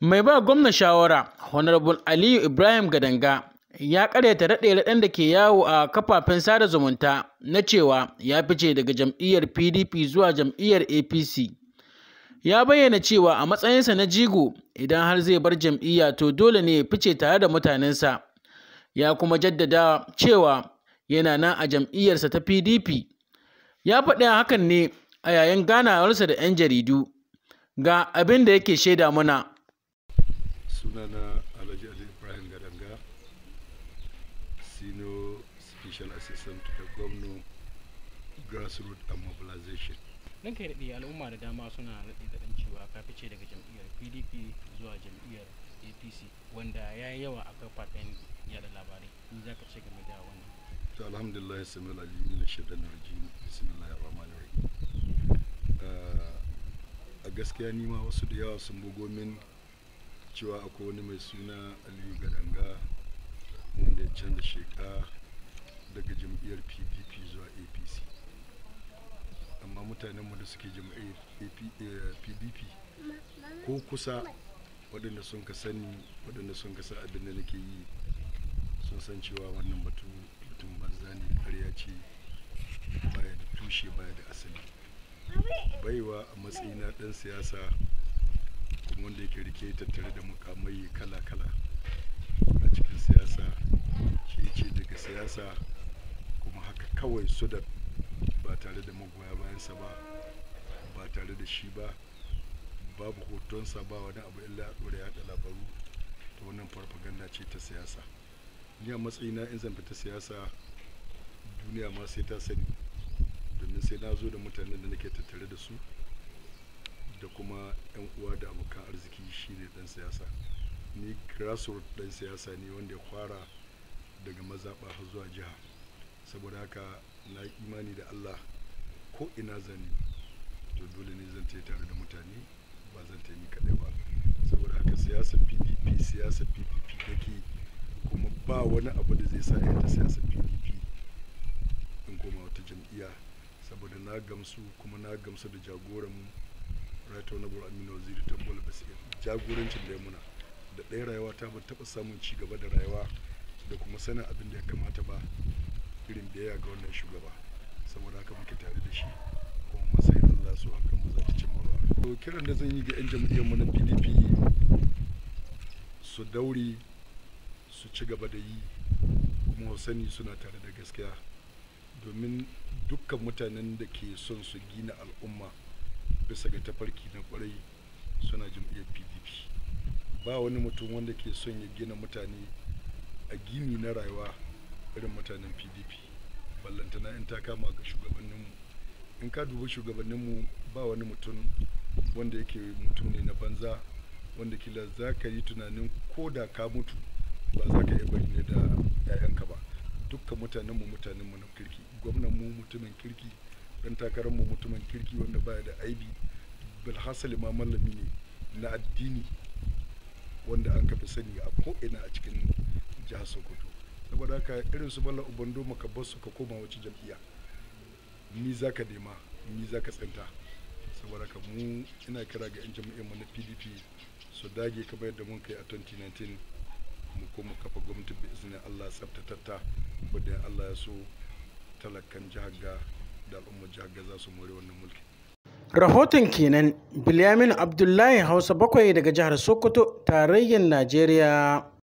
Mai ba gwamna shawara Honorable Aliyu Ibrahim Gadanga ya karyata raɗe-raɗen da ke yawo a kafafen sada zumunta na cewa ya fice daga jam'iyyar PDP zuwa jam'iyyar APC. Ya bayyana cewa a matsayinsa na jigo idan har zai bar jam'iyya to dole ne ya fice tare da mutanensa. Ya kuma jaddada cewa yana nan a jam'iyyarsa ta PDP. Ya faɗi hakan ne a yayin ganawarsa da 'yan jaridu. Ga abin da yake shaida mana sunana alhaji ali ibrahim gadanga sino special assistant to the governor grassroot and mobilization Nan kai daɗi al'umma da dama suna da da cewa ka fice daga jam'iyyar pdp zuwa jam'iyyar apc wanda ya yi yawa a kafafen yada labarai in za ka ce game da wannan to alhamdulillah sami alim na rajim bismillah rahman rahim ah, a gaskiya nima wasu da yawa sun bugo min cewa akwai wani mai suna aliyu gadanga wanda ya canza sheka daga jam'iyyar pdp zuwa apc amma mutanenmu da suke jam'iyyar pdp eh, ko kusa waɗanda sun ka sani waɗanda sun ka sa abin da nake yi sun san cewa wannan batu mutum banza ne ƙarya ce baya da tushe baya da asali baiwa a matsayi na ɗan siyasa wanda yake rike tattare da mukamai kala-kala a cikin siyasa shi ce daga siyasa kuma haka kawai su da ba tare da magoya bayansa ba ba tare da shi ba babu hotonsa ba wani abu illa a ɗora yaɗa labaru ta wannan farfaganda ce ta siyasa ni a matsayina in zan fita siyasa duniya ma sai ta sani domin sai na zo da mutanen da nake tattare da su da kuma 'yan uwa da abokan arziki shine dan siyasa ni grassroot dan siyasa ne wanda ya fara daga mazaɓa zuwa jiha saboda haka na imani da allah ko ina zani to dole ne zan ta tare da mutane ba zan ta yi kaɗai ba saboda haka siyasar pdp siyasar pdp take kuma ba wani abu da zai sa ya ta siyasar pdp in koma wata jam'iyya saboda na gamsu kuma na gamsu da jagoran right honorable aminu waziri tambola basir jagorancin da ya muna da ɗaya rayuwa ta ba taɓa samun ci gaba da rayuwa da kuma sanin abin da ya kamata ba irin biyayya ga wannan shugaba saboda haka muke tare da shi kuma masayin za su hakan ba za ta cimma ba to kiran da zan yi ga 'yan jam'iyyar mu na PDP su daure su ci gaba da yi kuma sani suna tare da gaskiya domin dukkan mutanen da ke son su gina al'umma bisa ga tafarki na kwarai suna jam'iyyar pdp ba wani mutum wanda ke son ya gina mutane a gini na rayuwa irin mutanen pdp ballantana in ta kama ga shugabanninmu in ka dubi shugabanninmu ba wani mutum wanda yake mutum ne na banza wanda kila za ka yi tunanin ko da ka mutu ba za ka iya bari ne da 'ya'yanka ba dukkan mutanenmu mutanenmu na kirki gwamnanmu mutumin kirki dan takarar mu mutumin kirki wanda baya da aibi bilhassali ma mallami ne na addini wanda an kafi sani a ko'ina a cikin jihar sokoto saboda haka irin su bala ubando maka bar su ka koma wacce jam'iyya ni za ka nema ni za ka tsinta saboda haka mu ina kira ga 'yan jam'iyyar mu na pdp su dage ka bayar da mun kai a 2019 mu kuma kafa gwamnati bi izinin allah tsaftatatta bude allah ya so talakan jihar ga da al'ummar jihar gaza su more wannan mulki rahoton kenan bilyamin abdullahi hausa bakwai daga jihar sokoto tarayyar najeriya